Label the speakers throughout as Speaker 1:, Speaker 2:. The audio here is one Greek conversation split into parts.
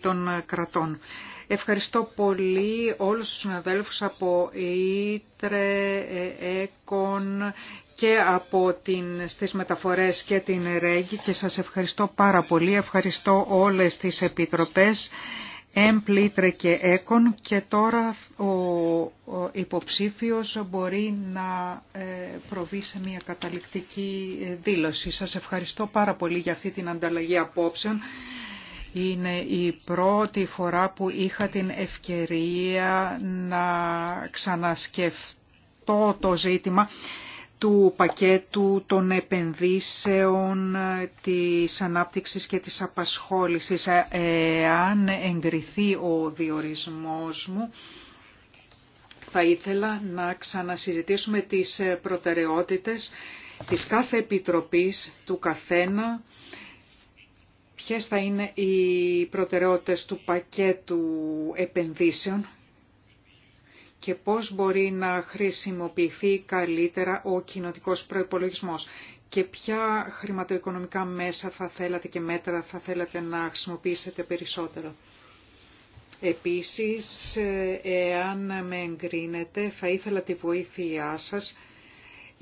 Speaker 1: των ε, κρατών. Ευχαριστώ πολύ όλους τους συναδέλφους από Ήτρε, ΕΚΟΝ και από την, στις μεταφορές και την ΡΕΓΙ και σας ευχαριστώ πάρα πολύ. Ευχαριστώ όλες τις επιτροπές Έμπλιτρε και έκον και τώρα ο υποψήφιος μπορεί να ε, προβεί σε μια καταληκτική ε, δήλωση. Σας ευχαριστώ πάρα πολύ για αυτή την ανταλλαγή απόψεων. Είναι η πρώτη φορά που είχα την ευκαιρία να ξανασκεφτώ το ζήτημα του πακέτου των επενδύσεων, της ανάπτυξης και της απασχόλησης. Εάν εγκριθεί ο διορισμός μου, θα ήθελα να ξανασυζητήσουμε τις προτεραιότητες της κάθε επιτροπής του καθένα Ποιες θα είναι οι προτεραιότητες του πακέτου επενδύσεων και πώς μπορεί να χρησιμοποιηθεί καλύτερα ο κοινοτικός προϋπολογισμός και ποια χρηματοοικονομικά μέσα θα θέλατε και μέτρα θα θέλατε να χρησιμοποιήσετε περισσότερο. Επίσης, εάν με εγκρίνετε, θα ήθελα τη βοήθειά σας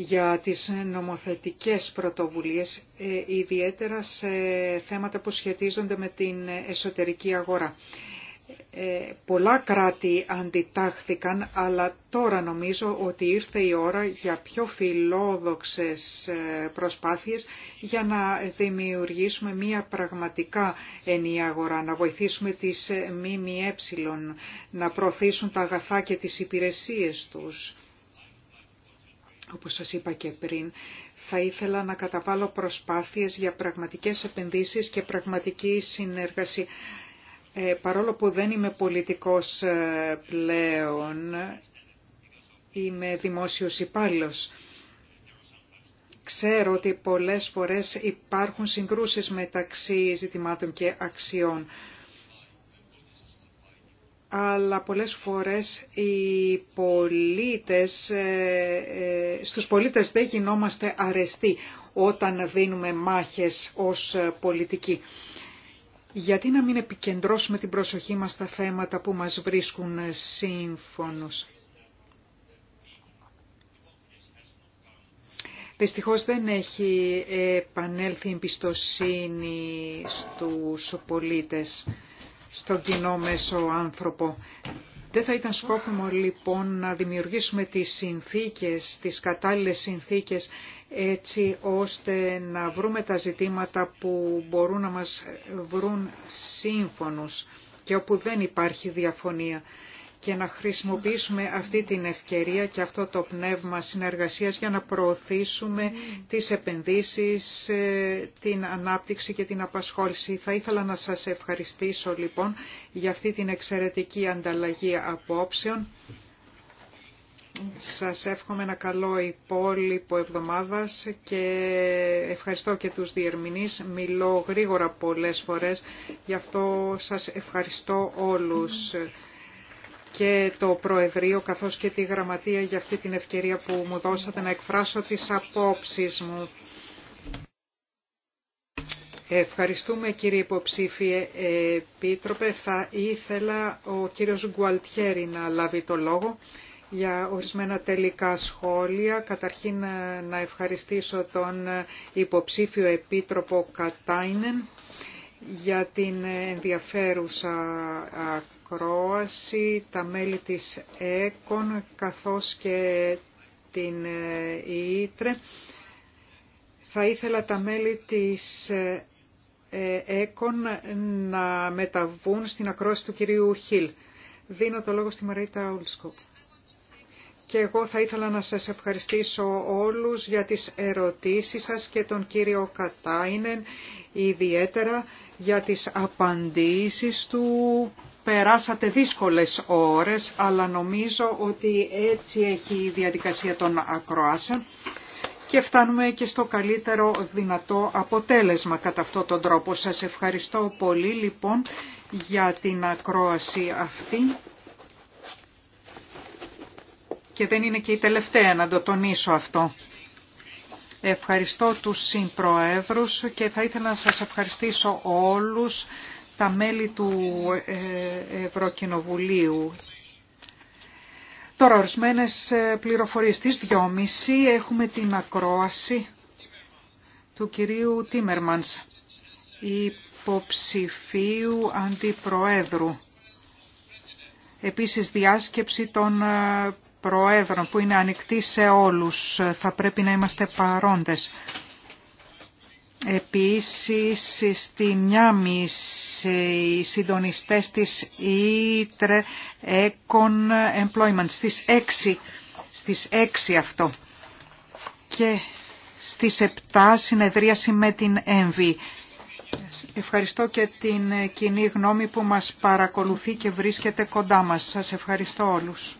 Speaker 1: για τις νομοθετικές πρωτοβουλίες, ε, ιδιαίτερα σε θέματα που σχετίζονται με την εσωτερική αγορά. Ε, πολλά κράτη αντιτάχθηκαν, αλλά τώρα νομίζω ότι ήρθε η ώρα για πιο φιλόδοξες ε, προσπάθειες για να δημιουργήσουμε μία πραγματικά ενιαία αγορά, να βοηθήσουμε τις ΜΜΕ να προωθήσουν τα αγαθά και τις υπηρεσίες τους όπως σας είπα και πριν, θα ήθελα να καταβάλω προσπάθειες για πραγματικές επενδύσεις και πραγματική συνεργασία. Ε, παρόλο που δεν είμαι πολιτικός ε, πλέον, είμαι δημόσιος υπάλληλος. Ξέρω ότι πολλές φορές υπάρχουν συγκρούσεις μεταξύ ζητημάτων και αξιών αλλά πολλές φορές οι πολίτες, ε, ε, στους πολίτες δεν γινόμαστε αρεστοί όταν δίνουμε μάχες ως πολιτικοί. Γιατί να μην επικεντρώσουμε την προσοχή μας στα θέματα που μας βρίσκουν σύμφωνος. Δυστυχώς δεν έχει επανέλθει η εμπιστοσύνη στους πολίτες στον κοινό μέσο άνθρωπο. Δεν θα ήταν σκόπιμο λοιπόν να δημιουργήσουμε τις συνθήκες, τις κατάλληλες συνθήκες έτσι ώστε να βρούμε τα ζητήματα που μπορούν να μας βρουν σύμφωνους και όπου δεν υπάρχει διαφωνία και να χρησιμοποιήσουμε αυτή την ευκαιρία και αυτό το πνεύμα συνεργασίας για να προωθήσουμε τις επενδύσεις, ε, την ανάπτυξη και την απασχόληση. Θα ήθελα να σας ευχαριστήσω λοιπόν για αυτή την εξαιρετική ανταλλαγή απόψεων. Σας εύχομαι ένα καλό υπόλοιπο εβδομάδας και ευχαριστώ και τους διερμηνείς. Μιλώ γρήγορα πολλές φορές, γι' αυτό σας ευχαριστώ όλους και το Προεδρείο καθώς και τη Γραμματεία για αυτή την ευκαιρία που μου δώσατε να εκφράσω τις απόψεις μου. Ευχαριστούμε κύριε υποψήφιε ε, επίτροπε. Θα ήθελα ο κύριος Γκουαλτιέρη να λάβει το λόγο για ορισμένα τελικά σχόλια. Καταρχήν να ευχαριστήσω τον υποψήφιο επίτροπο Κατάινεν για την ενδιαφέρουσα ακρόαση, τα μέλη της ΕΚΟΝ καθώς και την ΙΤΡΕ. Ε, Θα ήθελα τα μέλη της ε, ΕΚΟΝ να μεταβούν στην ακρόαση του κυρίου Χιλ. Δίνω το λόγο στη Μαρίτα Ουλσκόπ. Και εγώ θα ήθελα να σας ευχαριστήσω όλους για τις ερωτήσεις σας και τον κύριο Κατάινεν ιδιαίτερα για τις απαντήσεις του. Περάσατε δύσκολες ώρες, αλλά νομίζω ότι έτσι έχει η διαδικασία των ακροάσεων και φτάνουμε και στο καλύτερο δυνατό αποτέλεσμα κατά αυτόν τον τρόπο. Σας ευχαριστώ πολύ λοιπόν για την ακρόαση αυτή και δεν είναι και η τελευταία να το τονίσω αυτό. Ευχαριστώ τους συμπροέδρους και θα ήθελα να σας ευχαριστήσω όλους τα μέλη του ε, Ευρωκοινοβουλίου. Τώρα ορισμένες ε, πληροφορίες στις 2.30 έχουμε την ακρόαση του κυρίου Τίμερμανς, υποψηφίου αντιπροέδρου. Επίσης διάσκεψη των ε, προέδρων που είναι ανοιχτή σε όλους. Θα πρέπει να είμαστε παρόντες. Επίσης, στη Νιάμι, οι συντονιστές της ΙΤΡΕ Econ Employment, στις 6, στις 6 αυτό. Και στις 7 συνεδρίαση με την ΕΜΒΗ. Ευχαριστώ και την κοινή γνώμη που μας παρακολουθεί και βρίσκεται κοντά μας. Σας ευχαριστώ όλους.